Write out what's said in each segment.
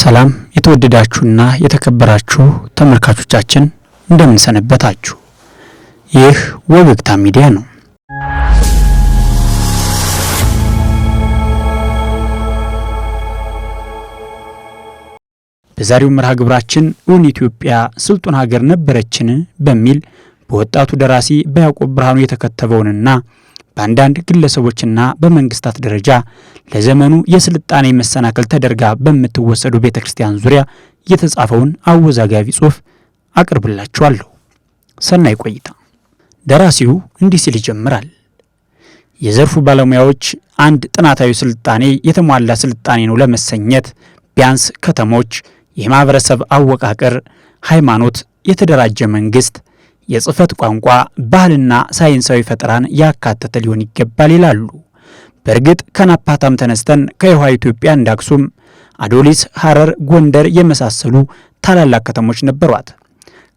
ሰላም የተወደዳችሁና የተከበራችሁ ተመልካቾቻችን እንደምንሰነበታችሁ፣ ይህ ወገግታ ሚዲያ ነው። በዛሬው መርሃ ግብራችን እውን ኢትዮጵያ ስልጡን ሀገር ነበረችን በሚል በወጣቱ ደራሲ በያዕቆብ ብርሃኑ የተከተበውንና በአንዳንድ ግለሰቦችና በመንግስታት ደረጃ ለዘመኑ የስልጣኔ መሰናክል ተደርጋ በምትወሰዱ ቤተ ክርስቲያን ዙሪያ የተጻፈውን አወዛጋቢ ጽሑፍ አቅርብላችኋለሁ። ሰናይ ቆይታ። ደራሲው እንዲህ ሲል ይጀምራል። የዘርፉ ባለሙያዎች አንድ ጥናታዊ ስልጣኔ የተሟላ ስልጣኔ ነው ለመሰኘት ቢያንስ ከተሞች፣ የማህበረሰብ አወቃቀር፣ ሃይማኖት፣ የተደራጀ መንግስት፣ የጽህፈት ቋንቋ ባህልና ሳይንሳዊ ፈጠራን ያካተተ ሊሆን ይገባል ይላሉ። በእርግጥ ከናፓታም ተነስተን ከይሖዋ ኢትዮጵያ እንደ አክሱም፣ አዶሊስ፣ ሐረር፣ ጎንደር የመሳሰሉ ታላላቅ ከተሞች ነበሯት።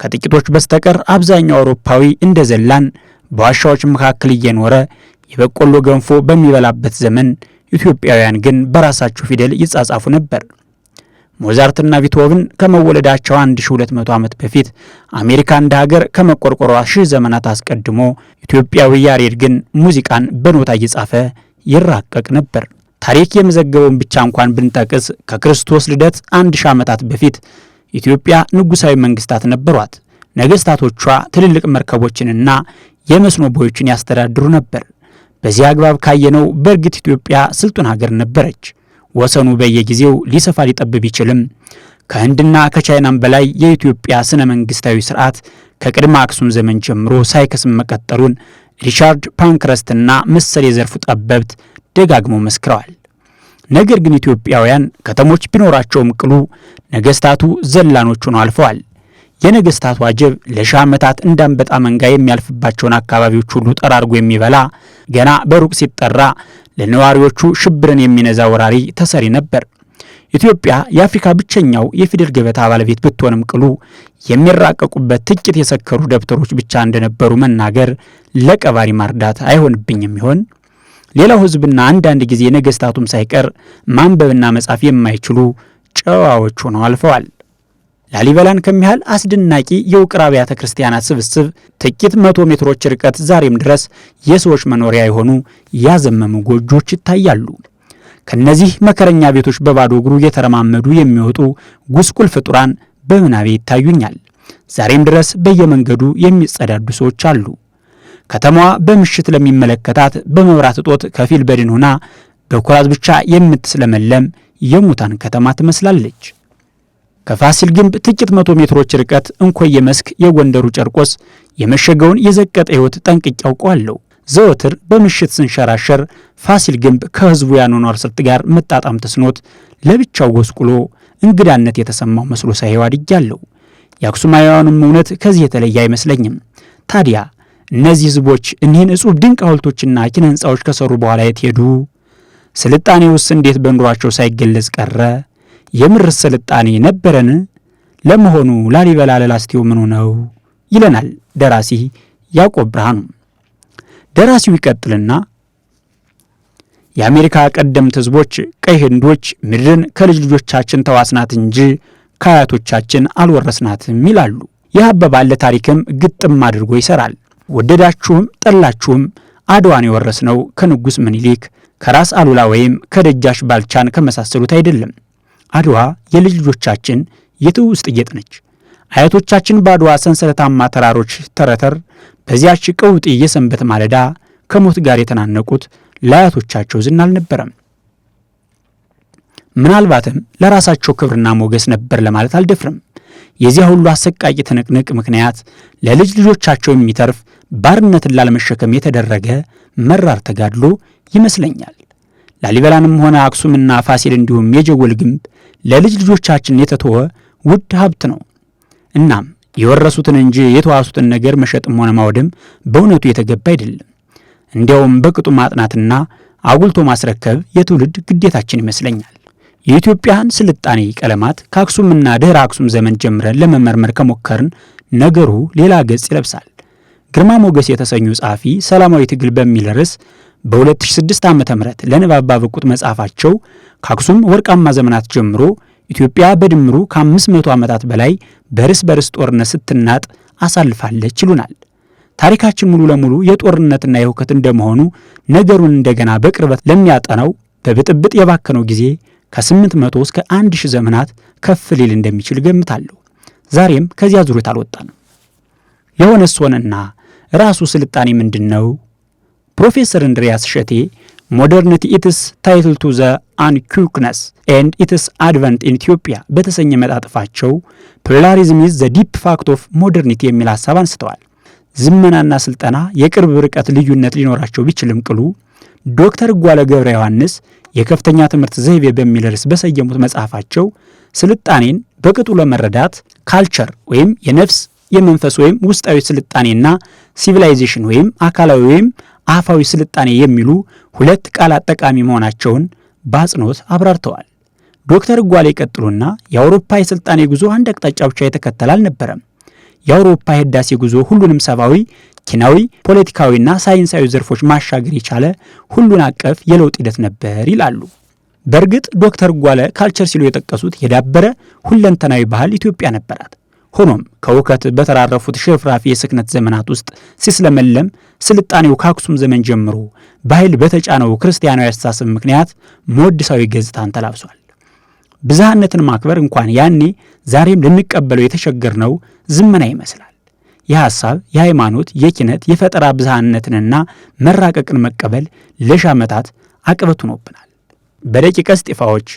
ከጥቂቶች በስተቀር አብዛኛው አውሮፓዊ እንደ ዘላን በዋሻዎች መካከል እየኖረ የበቆሎ ገንፎ በሚበላበት ዘመን ኢትዮጵያውያን ግን በራሳቸው ፊደል ይጻጻፉ ነበር። ሞዛርትና ቢትሆቭን ከመወለዳቸው 1200 ዓመት በፊት አሜሪካ እንደ ሀገር ከመቆርቆሯ ሺህ ዘመናት አስቀድሞ ኢትዮጵያዊ ያሬድ ግን ሙዚቃን በኖታ እየጻፈ ይራቀቅ ነበር። ታሪክ የመዘገበውን ብቻ እንኳን ብንጠቅስ ከክርስቶስ ልደት አንድ ሺህ ዓመታት በፊት ኢትዮጵያ ንጉሳዊ መንግስታት ነበሯት። ነገስታቶቿ ትልልቅ መርከቦችንና የመስኖ ቦዮችን ያስተዳድሩ ነበር። በዚህ አግባብ ካየነው በእርግጥ ኢትዮጵያ ስልጡን ሀገር ነበረች። ወሰኑ በየጊዜው ሊሰፋ ሊጠብብ ይችልም። ከህንድና ከቻይናም በላይ የኢትዮጵያ ስነ መንግስታዊ ስርዓት ከቅድመ አክሱም ዘመን ጀምሮ ሳይከስም መቀጠሉን ሪቻርድ ፓንክረስትና መሰል የዘርፉ ጠበብት ደጋግመው መስክረዋል። ነገር ግን ኢትዮጵያውያን ከተሞች ቢኖራቸውም ቅሉ ነገስታቱ ዘላኖች ሆነው አልፈዋል። የነገስታቱ ዋጀብ ለሺህ ዓመታት እንዳንበጣ መንጋ የሚያልፍባቸውን አካባቢዎች ሁሉ ጠራርጎ የሚበላ ገና በሩቅ ሲጠራ ለነዋሪዎቹ ሽብርን የሚነዛ ወራሪ ተሰሪ ነበር። ኢትዮጵያ የአፍሪካ ብቸኛው የፊደል ገበታ ባለቤት ብትሆንም ቅሉ የሚራቀቁበት ጥቂት የሰከሩ ደብተሮች ብቻ እንደነበሩ መናገር ለቀባሪ ማርዳት አይሆንብኝም ይሆን? ሌላው ህዝብና አንዳንድ ጊዜ ነገስታቱም ሳይቀር ማንበብና መጻፍ የማይችሉ ጨዋዎች ሆነው አልፈዋል። ላሊበላን ከሚያህል አስደናቂ የውቅር አብያተ ክርስቲያናት ስብስብ ጥቂት መቶ ሜትሮች ርቀት ዛሬም ድረስ የሰዎች መኖሪያ የሆኑ ያዘመሙ ጎጆች ይታያሉ። ከነዚህ መከረኛ ቤቶች በባዶ እግሩ የተረማመዱ የሚወጡ ጉስቁል ፍጡራን በምናቤ ይታዩኛል። ዛሬም ድረስ በየመንገዱ የሚጸዳዱ ሰዎች አሉ። ከተማዋ በምሽት ለሚመለከታት በመብራት እጦት ከፊል በድን ሆና በኩራዝ ብቻ የምትስለመለም የሙታን ከተማ ትመስላለች። ከፋሲል ግንብ ጥቂት መቶ ሜትሮች ርቀት እንኮየ መስክ የጎንደሩ ጨርቆስ የመሸገውን የዘቀጠ ሕይወት ጠንቅቄ አውቀዋለሁ። ዘወትር በምሽት ስንሸራሸር ፋሲል ግንብ ከሕዝቡ ያኗኗር ስልት ጋር መጣጣም ተስኖት ለብቻው ጎስቁሎ እንግዳነት የተሰማው መስሎ ሳይው አድጌያለሁ። የአክሱማውያኑም እውነት ከዚህ የተለየ አይመስለኝም። ታዲያ እነዚህ ሕዝቦች እኒህን እጹብ ድንቅ ሐውልቶችና ኪነ ሕንፃዎች ከሰሩ በኋላ የት ሄዱ? ስልጣኔውስ እንዴት በኑሯቸው ሳይገለጽ ቀረ? የምር ስልጣኔ ነበረን? ለመሆኑ ላሊበላ ለላስቲው ምኑ ነው ይለናል ደራሲ ያዕቆብ ብርሃኑ። ደራሲው ይቀጥልና የአሜሪካ ቀደምት ህዝቦች ቀይ ህንዶች ምድርን ከልጅ ልጆቻችን ተዋስናት እንጂ ከአያቶቻችን አልወረስናትም ይላሉ። ይህ አባባል ታሪክም ግጥም አድርጎ ይሰራል። ወደዳችሁም ጠላችሁም አድዋን የወረስነው ከንጉሥ ምኒልክ ከራስ አሉላ ወይም ከደጃሽ ባልቻን ከመሳሰሉት አይደለም። አድዋ የልጅ ልጆቻችን የትውስጥ ጌጥ ነች። አያቶቻችን በአድዋ ሰንሰለታማ ተራሮች ተረተር በዚያች ቀውጢ የሰንበት ማለዳ ከሞት ጋር የተናነቁት ለአያቶቻቸው ዝና አልነበረም። ምናልባትም ለራሳቸው ክብርና ሞገስ ነበር ለማለት አልደፍርም። የዚያ ሁሉ አሰቃቂ ትንቅንቅ ምክንያት ለልጅ ልጆቻቸው የሚተርፍ ባርነትን ላለመሸከም የተደረገ መራር ተጋድሎ ይመስለኛል። ላሊበላንም ሆነ አክሱምና ፋሲል እንዲሁም የጀጎል ግንብ ለልጅ ልጆቻችን የተተወ ውድ ሀብት ነው። እናም የወረሱትን እንጂ የተዋሱትን ነገር መሸጥም ሆነ ማውደም በእውነቱ የተገባ አይደለም። እንዲያውም በቅጡ ማጥናትና አጉልቶ ማስረከብ የትውልድ ግዴታችን ይመስለኛል። የኢትዮጵያን ስልጣኔ ቀለማት ከአክሱምና ድኅረ አክሱም ዘመን ጀምረን ለመመርመር ከሞከርን ነገሩ ሌላ ገጽ ይለብሳል። ግርማ ሞገስ የተሰኙ ጸሐፊ ሰላማዊ ትግል በሚል ርዕስ በ2006 ዓ ም ለንባብ ባበቁት መጽሐፋቸው ከአክሱም ወርቃማ ዘመናት ጀምሮ ኢትዮጵያ በድምሩ ከ500 ዓመታት በላይ በርስ በርስ ጦርነት ስትናጥ አሳልፋለች ይሉናል። ታሪካችን ሙሉ ለሙሉ የጦርነትና የሁከት እንደመሆኑ ነገሩን እንደገና በቅርበት ለሚያጠናው በብጥብጥ የባከነው ጊዜ ከ800 እስከ 1000 ዘመናት ከፍ ሊል እንደሚችል ገምታለሁ። ዛሬም ከዚያ ዙሪት አልወጣንም። የሆነስ ሆነና ራሱ ስልጣኔ ምንድን ነው? ፕሮፌሰር እንድሪያስ ሸቴ ሞደርኒቲ ኢትስ ታይትል ቱ ዘ አንኩክነስ ኤንድ ኢትስ አድቨንት ኢን ኢትዮጵያ በተሰኘ መጣጥፋቸው ፕሉራሊዝም ኢዝ ዘ ዲፕ ፋክት ኦፍ ሞደርኒቲ የሚል ሀሳብ አንስተዋል። ዝመናና ስልጠና የቅርብ ርቀት ልዩነት ሊኖራቸው ቢችልም ቅሉ ዶክተር ጓለ ገብረ ዮሐንስ የከፍተኛ ትምህርት ዘይቤ በሚል ርዕስ በሰየሙት መጽሐፋቸው ስልጣኔን በቅጡ ለመረዳት ካልቸር ወይም የነፍስ የመንፈስ ወይም ውስጣዊ ስልጣኔና ሲቪላይዜሽን ወይም አካላዊ ወይም አፋዊ ስልጣኔ የሚሉ ሁለት ቃላት ጠቃሚ መሆናቸውን በአጽንኦት አብራርተዋል። ዶክተር ጓሌ ቀጥሉና የአውሮፓ የስልጣኔ ጉዞ አንድ አቅጣጫ ብቻ የተከተል አልነበረም። የአውሮፓ የህዳሴ ጉዞ ሁሉንም ሰብአዊ፣ ኪናዊ፣ ፖለቲካዊና ሳይንሳዊ ዘርፎች ማሻገር የቻለ ሁሉን አቀፍ የለውጥ ሂደት ነበር ይላሉ። በእርግጥ ዶክተር ጓለ ካልቸር ሲሉ የጠቀሱት የዳበረ ሁለንተናዊ ባህል ኢትዮጵያ ነበራት። ሆኖም ከውከት በተራረፉት ሽርፍራፊ የስክነት ዘመናት ውስጥ ሲስለመለም ስልጣኔው ከአክሱም ዘመን ጀምሮ በኃይል በተጫነው ክርስቲያናዊ አስተሳሰብ ምክንያት መወድሳዊ ገጽታን ተላብሷል። ብዝሃነትን ማክበር እንኳን ያኔ ዛሬም ልንቀበለው የተቸገርነው ዝመና ይመስላል። የሐሳብ፣ የሃይማኖት፣ የኪነት፣ የፈጠራ ብዝሃነትንና መራቀቅን መቀበል ለሺህ ዓመታት አቅበት ሆኖብናል። በደቂቀ እስጢፋዎች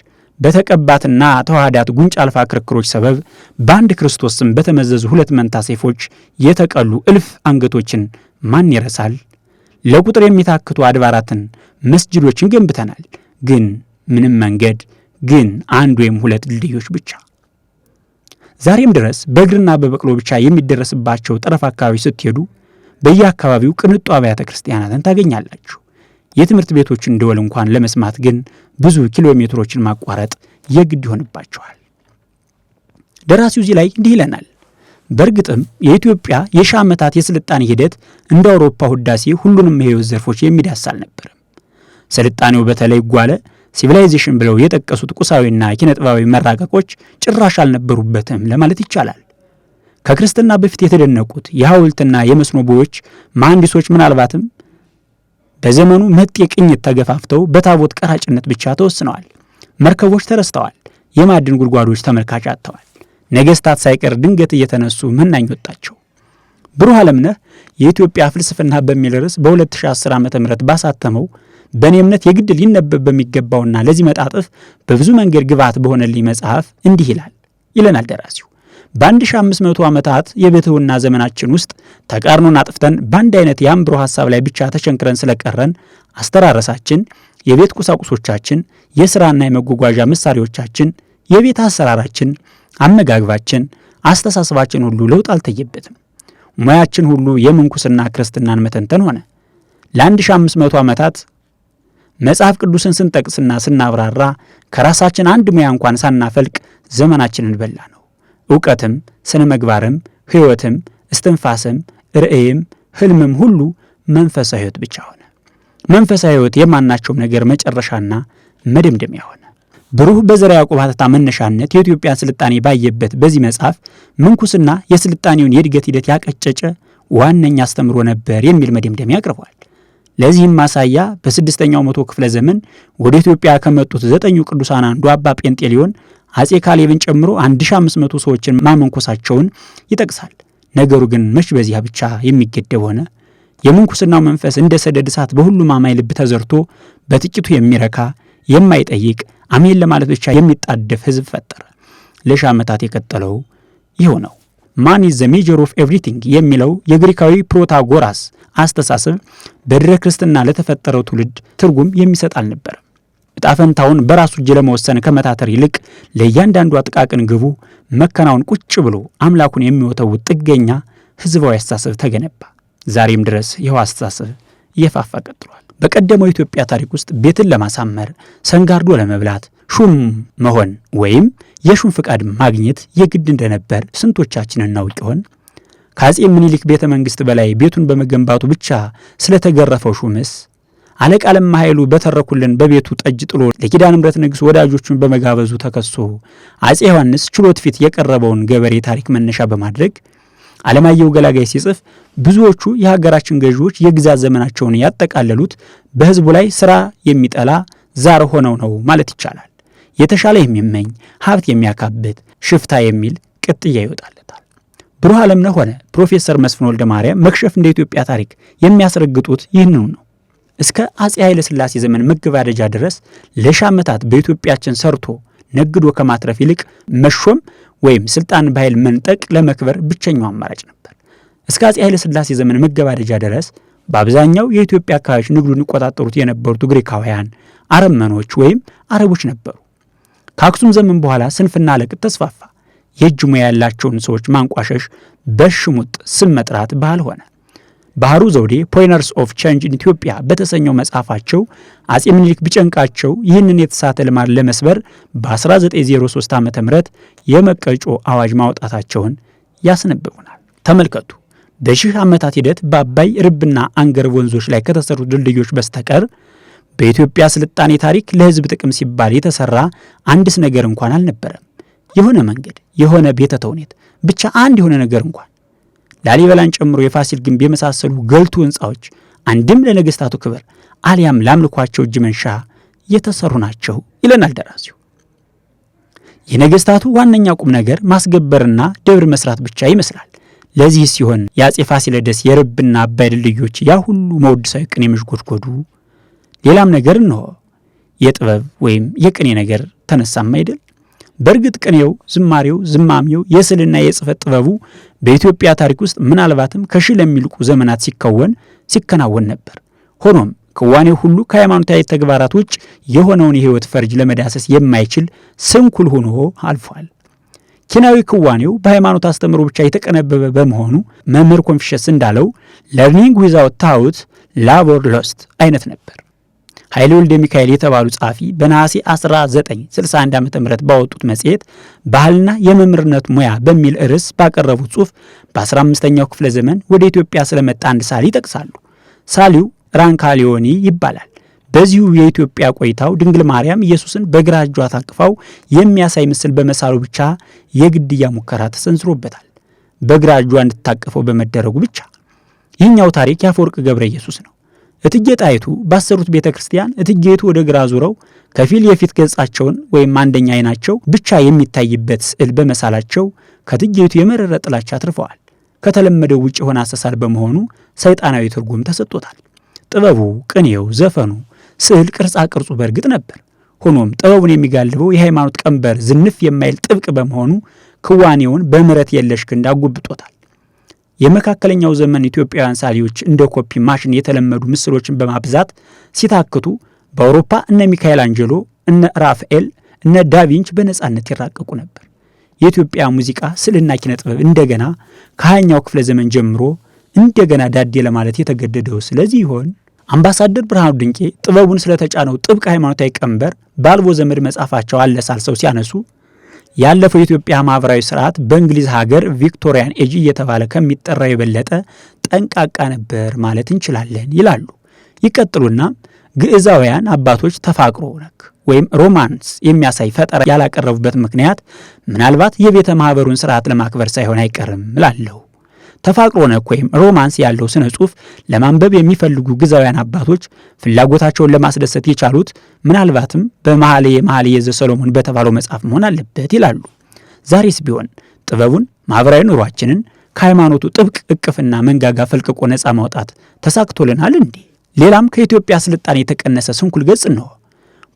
በተቀባትና ተዋህዳት ጉንጭ አልፋ ክርክሮች ሰበብ በአንድ ክርስቶስ ስም በተመዘዙ ሁለት መንታ ሰይፎች የተቀሉ እልፍ አንገቶችን ማን ይረሳል? ለቁጥር የሚታክቱ አድባራትን፣ መስጅዶችን ገንብተናል። ግን ምንም መንገድ፣ ግን አንድ ወይም ሁለት ድልድዮች ብቻ። ዛሬም ድረስ በእግርና በበቅሎ ብቻ የሚደረስባቸው ጠረፍ አካባቢዎች ስትሄዱ በየአካባቢው ቅንጡ አብያተ ክርስቲያናትን ታገኛላችሁ። የትምህርት ቤቶችን ደወል እንኳን ለመስማት ግን ብዙ ኪሎ ሜትሮችን ማቋረጥ የግድ ይሆንባቸዋል። ደራሲው እዚህ ላይ እንዲህ ይለናል። በእርግጥም የኢትዮጵያ የሺህ ዓመታት የስልጣኔ ሂደት እንደ አውሮፓ ህዳሴ ሁሉንም የህይወት ዘርፎች የሚዳስ አልነበረም። ስልጣኔው በተለይ ጓለ ሲቪላይዜሽን ብለው የጠቀሱት ቁሳዊና ኪነጥባዊ መራቀቆች ጭራሽ አልነበሩበትም ለማለት ይቻላል። ከክርስትና በፊት የተደነቁት የሐውልትና የመስኖ ቦዮች መሐንዲሶች ምናልባትም በዘመኑ መጤ ቅኝት ተገፋፍተው በታቦት ቀራጭነት ብቻ ተወስነዋል። መርከቦች ተረስተዋል። የማዕድን ጉድጓዶች ተመልካች አጥተዋል። ነገሥታት ሳይቀር ድንገት እየተነሱ መናኝ ወጣቸው። ብሩህ ዓለምነህ የኢትዮጵያ ፍልስፍና በሚል ርዕስ በ2010 ዓ ም ባሳተመው በእኔ እምነት የግድ ሊነበብ በሚገባውና ለዚህ መጣጥፍ በብዙ መንገድ ግብዓት በሆነልኝ መጽሐፍ እንዲህ ይላል ይለናል ደራሲው በ1500 ዓመታት የብሕትውና ዘመናችን ውስጥ ተቃርኖን አጥፍተን በአንድ አይነት የአንብሮ ሐሳብ ላይ ብቻ ተቸንክረን ስለቀረን አስተራረሳችን፣ የቤት ቁሳቁሶቻችን፣ የሥራና የመጓጓዣ መሳሪያዎቻችን፣ የቤት አሰራራችን፣ አመጋግባችን፣ አስተሳሰባችን ሁሉ ለውጥ አልተየበትም። ሙያችን ሁሉ የምንኩስና ክርስትናን መተንተን ሆነ። ለ1500 ዓመታት መጽሐፍ ቅዱስን ስንጠቅስና ስናብራራ ከራሳችን አንድ ሙያ እንኳን ሳናፈልቅ ዘመናችንን በላን። እውቀትም፣ ስነ ምግባርም፣ ሕይወትም፣ እስትንፋስም፣ ርእይም ህልምም ሁሉ መንፈሳዊ ሕይወት ብቻ ሆነ። መንፈሳዊ ሕይወት የማናቸውም ነገር መጨረሻና መደምደሚያ ሆነ። ብሩህ በዘርዓ ያዕቆብ ሃተታ መነሻነት የኢትዮጵያን ስልጣኔ ባየበት በዚህ መጽሐፍ ምንኩስና የስልጣኔውን የእድገት ሂደት ያቀጨጨ ዋነኛ አስተምሮ ነበር የሚል መደምደሚያ አቅርቧል። ለዚህም ማሳያ በስድስተኛው መቶ ክፍለ ዘመን ወደ ኢትዮጵያ ከመጡት ዘጠኙ ቅዱሳን አንዱ አባ ጴንጤሊዮን አጼ ካሌብን ጨምሮ 1500 ሰዎችን ማመንኮሳቸውን ይጠቅሳል። ነገሩ ግን መች በዚያ ብቻ የሚገደብ ሆነ? የምንኩስናው መንፈስ እንደ ሰደድ እሳት በሁሉም አማኝ ልብ ተዘርቶ በጥቂቱ የሚረካ የማይጠይቅ አሜን ለማለት ብቻ የሚጣደፍ ህዝብ ፈጠረ። ለሺ ዓመታት የቀጠለው ይኸው ነው። ማን ኢዝ ዘ ሜጀር ኦፍ ኤቭሪቲንግ የሚለው የግሪካዊ ፕሮታጎራስ አስተሳሰብ በድረ ክርስትና ለተፈጠረው ትውልድ ትርጉም የሚሰጥ አልነበረ። ጣፈንታውን በራሱ እጅ ለመወሰን ከመታተር ይልቅ ለእያንዳንዱ አጥቃቅን ግቡ መከናወን ቁጭ ብሎ አምላኩን የሚወተውት ጥገኛ ህዝባዊ አስተሳሰብ ተገነባ። ዛሬም ድረስ ይኸው አስተሳሰብ እየፋፋ ቀጥሏል። በቀደመው ኢትዮጵያ ታሪክ ውስጥ ቤትን ለማሳመር ሰንጋርዶ ለመብላት ሹም መሆን ወይም የሹም ፍቃድ ማግኘት የግድ እንደነበር ስንቶቻችን እናውቅ ይሆን? ከአፄ ምኒልክ ቤተ መንግሥት በላይ ቤቱን በመገንባቱ ብቻ ስለተገረፈው ሹምስ አለቃ ለማ ኃይሉ በተረኩልን በቤቱ ጠጅ ጥሎ ለኪዳነ ምሕረት ንጉሥ ወዳጆቹን በመጋበዙ ተከሶ አፄ ዮሐንስ ችሎት ፊት የቀረበውን ገበሬ ታሪክ መነሻ በማድረግ አለማየሁ ገላጋይ ሲጽፍ ብዙዎቹ የሀገራችን ገዢዎች የግዛት ዘመናቸውን ያጠቃለሉት በሕዝቡ ላይ ስራ የሚጠላ ዛር ሆነው ነው ማለት ይቻላል። የተሻለ የሚመኝ ሀብት የሚያካብት ሽፍታ የሚል ቅጥያ ይወጣለታል። ብሩህ ዓለምነህ ሆነ ፕሮፌሰር መስፍን ወልደ ማርያም መክሸፍ እንደ ኢትዮጵያ ታሪክ የሚያስረግጡት ይህንኑ ነው። እስከ አጼ ሥላሴ ዘመን መገባደጃ ድረስ ለሺ ዓመታት በኢትዮጵያችን ሰርቶ ነግዶ ከማትረፍ ይልቅ መሾም ወይም ስልጣን በኃይል መንጠቅ ለመክበር ብቸኛው አማራጭ ነበር። እስከ አጼ ሥላሴ ዘመን መገባደጃ ድረስ በአብዛኛው የኢትዮጵያ አካባቢዎች ንግዱን ይቆጣጠሩት የነበሩት ግሪካውያን፣ አረመኖች ወይም አረቦች ነበሩ። ከአክሱም ዘመን በኋላ ስንፍና ለቅጥ ተስፋፋ። የእጅ ሙያ ያላቸውን ሰዎች ማንቋሸሽ፣ በሽሙጥ ስም መጥራት ባህል ሆነ። ባህሩ ዘውዴ ፖይነርስ ኦፍ ቼንጅ ኢን ኢትዮጵያ በተሰኘው መጽሐፋቸው አጼ ምኒልክ ቢጨንቃቸው ይህንን የተሳተ ልማድ ለመስበር በ1903 ዓ ም የመቀጮ አዋጅ ማውጣታቸውን ያስነብቡናል። ተመልከቱ። በሺህ ዓመታት ሂደት በአባይ ርብና አንገር ወንዞች ላይ ከተሰሩ ድልድዮች በስተቀር በኢትዮጵያ ስልጣኔ ታሪክ ለሕዝብ ጥቅም ሲባል የተሰራ አንድስ ነገር እንኳን አልነበረም። የሆነ መንገድ፣ የሆነ ቤተ ተውኔት፣ ብቻ አንድ የሆነ ነገር እንኳን ላሊበላን ጨምሮ የፋሲል ግንብ የመሳሰሉ ገልቱ ሕንፃዎች አንድም ለነገስታቱ ክብር አሊያም ላምልኳቸው እጅ መንሻ የተሰሩ ናቸው ይለናል ደራሲው። የነገስታቱ ዋነኛ ቁም ነገር ማስገበርና ደብር መስራት ብቻ ይመስላል። ለዚህ ሲሆን የአጼ ፋሲለደስ የርብና አባይ ድልድዮች ያ ሁሉ መወድሳዊ ቅኔ መዥጎድጎዱ ሌላም ነገር እንሆ የጥበብ ወይም የቅኔ ነገር ተነሳም አይደል? በእርግጥ ቅኔው፣ ዝማሬው፣ ዝማሜው፣ የስዕልና የጽፈት ጥበቡ በኢትዮጵያ ታሪክ ውስጥ ምናልባትም ከሺ ለሚልቁ ዘመናት ሲከወን ሲከናወን ነበር። ሆኖም ክዋኔ ሁሉ ከሃይማኖታዊ ተግባራት ውጭ የሆነውን የህይወት ፈርጅ ለመዳሰስ የማይችል ስንኩል ሆኖ አልፏል። ኪናዊ ክዋኔው በሃይማኖት አስተምሮ ብቻ የተቀነበበ በመሆኑ መምህር ኮንፊሸስ እንዳለው ለርኒንግ ዊዛውት ታውት ላቦር ሎስት አይነት ነበር። ኃይለ ወልደ ሚካኤል የተባሉ ጸሐፊ በነሐሴ 1961 ዓ.ም ባወጡት መጽሔት ባህልና የመምህርነት ሙያ በሚል ርዕስ ባቀረቡት ጽሑፍ በ15ኛው ክፍለ ዘመን ወደ ኢትዮጵያ ስለመጣ አንድ ሳሊ ይጠቅሳሉ። ሳሊው ራንካሊዮኒ ይባላል። በዚሁ የኢትዮጵያ ቆይታው ድንግል ማርያም ኢየሱስን በግራ እጇ ታቅፋው የሚያሳይ ምስል በመሳሉ ብቻ የግድያ ሙከራ ተሰንዝሮበታል። በግራ እጇ እንድታቀፈው በመደረጉ ብቻ። ይህኛው ታሪክ የአፈወርቅ ገብረ ኢየሱስ ነው። እትጌ ጣይቱ ባሰሩት ቤተ ክርስቲያን እትጌቱ ወደ ግራ ዙረው ከፊል የፊት ገጻቸውን ወይም አንደኛ አይናቸው ብቻ የሚታይበት ስዕል በመሳላቸው ከትጌቱ የመረረ ጥላቻ አትርፈዋል። ከተለመደው ውጭ የሆነ አሰሳል በመሆኑ ሰይጣናዊ ትርጉም ተሰጥቶታል። ጥበቡ፣ ቅኔው፣ ዘፈኑ፣ ስዕል ቅርጻ ቅርጹ በእርግጥ ነበር። ሆኖም ጥበቡን የሚጋልበው የሃይማኖት ቀንበር ዝንፍ የማይል ጥብቅ በመሆኑ ክዋኔውን በምረት የለሽ ክንድ አጉብጦታል። የመካከለኛው ዘመን ኢትዮጵያውያን ሳሊዎች እንደ ኮፒ ማሽን የተለመዱ ምስሎችን በማብዛት ሲታክቱ በአውሮፓ እነ ሚካኤል አንጀሎ፣ እነ ራፋኤል፣ እነ ዳቪንች በነፃነት ይራቀቁ ነበር። የኢትዮጵያ ሙዚቃ ስዕልና ኪነ ጥበብ እንደገና ከሀያኛው ክፍለ ዘመን ጀምሮ እንደገና ዳዴ ለማለት የተገደደው ስለዚህ ይሆን? አምባሳደር ብርሃኑ ድንቄ ጥበቡን ስለተጫነው ጥብቅ ሃይማኖታዊ ቀንበር በአልቦ ዘመድ መጽሐፋቸው አለሳልሰው ሲያነሱ ያለፈው የኢትዮጵያ ማህበራዊ ስርዓት በእንግሊዝ ሀገር ቪክቶሪያን ኤጅ እየተባለ ከሚጠራው የበለጠ ጠንቃቃ ነበር ማለት እንችላለን ይላሉ። ይቀጥሉና ግዕዛውያን አባቶች ተፋቅሮ ነክ ወይም ሮማንስ የሚያሳይ ፈጠራ ያላቀረቡበት ምክንያት ምናልባት የቤተ ማህበሩን ስርዓት ለማክበር ሳይሆን አይቀርም እላለሁ። ተፋቅሮ ነክ ወይም ሮማንስ ያለው ስነ ጽሁፍ ለማንበብ የሚፈልጉ ግዛውያን አባቶች ፍላጎታቸውን ለማስደሰት የቻሉት ምናልባትም በመኃልየ መኃልየ ዘሰሎሞን በተባለው መጽሐፍ መሆን አለበት ይላሉ። ዛሬስ ቢሆን ጥበቡን፣ ማኅበራዊ ኑሯችንን ከሃይማኖቱ ጥብቅ እቅፍና መንጋጋ ፈልቅቆ ነፃ ማውጣት ተሳክቶልናል እንዴ? ሌላም ከኢትዮጵያ ስልጣኔ የተቀነሰ ስንኩል ገጽ ነው።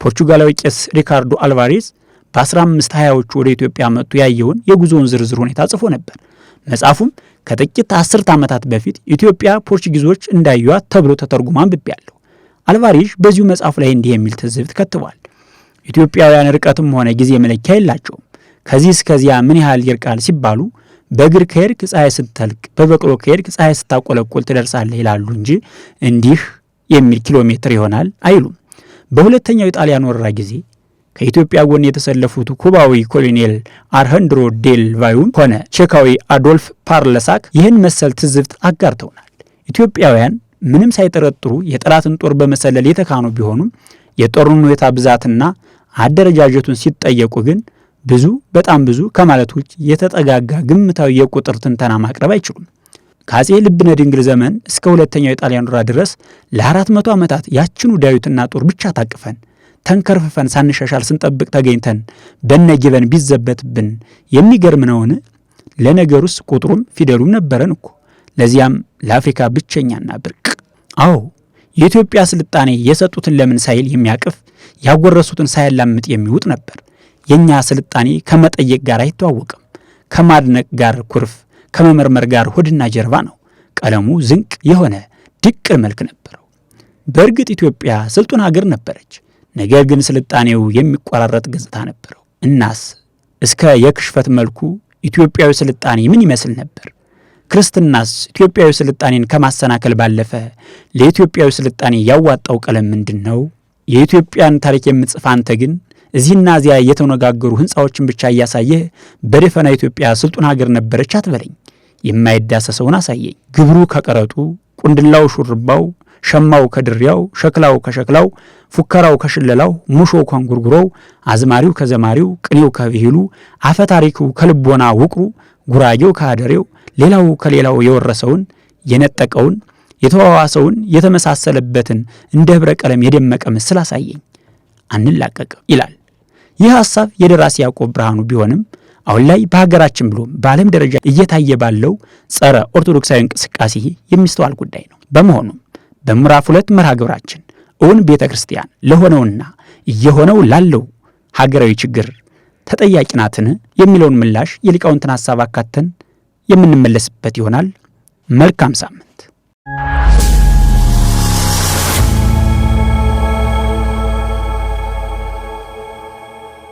ፖርቹጋላዊ ቄስ ሪካርዶ አልቫሬዝ በ1520ዎቹ ወደ ኢትዮጵያ መጥቶ ያየውን የጉዞውን ዝርዝር ሁኔታ ጽፎ ነበር። መጽሐፉም ከጥቂት አስርት ዓመታት በፊት ኢትዮጵያ ፖርቹጊዞች እንዳዩት ተብሎ ተተርጉሞ አንብቤያለሁ። አልቫሬዥ በዚሁ መጽሐፍ ላይ እንዲህ የሚል ትዝብት ከትቧል። ኢትዮጵያውያን ርቀትም ሆነ ጊዜ መለኪያ የላቸውም። ከዚህ እስከዚያ ምን ያህል ይርቃል ሲባሉ በእግር ከሄድክ ፀሐይ ስትጠልቅ፣ በበቅሎ ከሄድክ ፀሐይ ስታቆለቆል ትደርሳለህ ይላሉ እንጂ እንዲህ የሚል ኪሎ ሜትር ይሆናል አይሉም። በሁለተኛው የጣሊያን ወረራ ጊዜ ከኢትዮጵያ ጎን የተሰለፉት ኩባዊ ኮሎኔል አርሃንድሮ ዴል ቫዩም ሆነ ቼካዊ አዶልፍ ፓርለሳክ ይህን መሰል ትዝብት አጋርተውናል። ኢትዮጵያውያን ምንም ሳይጠረጥሩ የጠላትን ጦር በመሰለል የተካኑ ቢሆኑም የጦሩን ሁኔታ ብዛትና አደረጃጀቱን ሲጠየቁ ግን ብዙ በጣም ብዙ ከማለት ውጭ የተጠጋጋ ግምታዊ የቁጥር ትንተና ማቅረብ አይችሉም። ከአጼ ልብነ ድንግል ዘመን እስከ ሁለተኛው የጣሊያን ወረራ ድረስ ለአራት መቶ ዓመታት ያችኑ ዳዊትና ጦር ብቻ ታቅፈን ተንከርፍፈን ሳንሻሻል ስንጠብቅ ተገኝተን በነጊበን ቢዘበትብን የሚገርም ነውን? ለነገሩስ ቁጥሩም ፊደሉም ነበረን እኮ። ለዚያም ለአፍሪካ ብቸኛና ብርቅ። አዎ የኢትዮጵያ ስልጣኔ የሰጡትን ለምን ሳይል የሚያቅፍ ያጎረሱትን ሳያላምጥ የሚውጥ ነበር። የእኛ ስልጣኔ ከመጠየቅ ጋር አይተዋወቅም። ከማድነቅ ጋር ኩርፍ፣ ከመመርመር ጋር ሆድና ጀርባ ነው። ቀለሙ ዝንቅ የሆነ ድቅ መልክ ነበረው። በእርግጥ ኢትዮጵያ ስልጡን ሀገር ነበረች። ነገር ግን ስልጣኔው የሚቆራረጥ ገጽታ ነበረው። እናስ እስከ የክሽፈት መልኩ ኢትዮጵያዊ ስልጣኔ ምን ይመስል ነበር? ክርስትናስ ኢትዮጵያዊ ስልጣኔን ከማሰናከል ባለፈ ለኢትዮጵያዊ ስልጣኔ ያዋጣው ቀለም ምንድን ነው? የኢትዮጵያን ታሪክ የምጽፍ አንተ ግን እዚህና እዚያ የተነጋገሩ ህንፃዎችን ብቻ እያሳየህ በደፈና ኢትዮጵያ ስልጡን ሀገር ነበረች አትበለኝ። የማይዳሰሰውን አሳየኝ። ግብሩ ከቀረጡ ቁንድላው ሹርባው ሸማው ከድሪያው፣ ሸክላው ከሸክላው፣ ፉከራው ከሽለላው፣ ሙሾ ከንጉርጉሮው፣ አዝማሪው ከዘማሪው፣ ቅኔው ከብሂሉ፣ አፈታሪኩ ከልቦና ውቅሩ፣ ጉራጌው ከአደሬው፣ ሌላው ከሌላው የወረሰውን የነጠቀውን የተዋዋሰውን የተመሳሰለበትን እንደ ኅብረ ቀለም የደመቀ ምስል አሳየኝ አንላቀቅ ይላል። ይህ ሐሳብ የደራሲ ያዕቆብ ብርሃኑ ቢሆንም አሁን ላይ በሀገራችን ብሎም በዓለም ደረጃ እየታየ ባለው ጸረ ኦርቶዶክሳዊ እንቅስቃሴ የሚስተዋል ጉዳይ ነው። በመሆኑም በምዕራፍ ሁለት መርሃ ግብራችን እውን ቤተ ክርስቲያን ለሆነውና እየሆነው ላለው ሀገራዊ ችግር ተጠያቂ ናትን የሚለውን ምላሽ የሊቃውንትን ሀሳብ አካተን የምንመለስበት ይሆናል። መልካም ሳምንት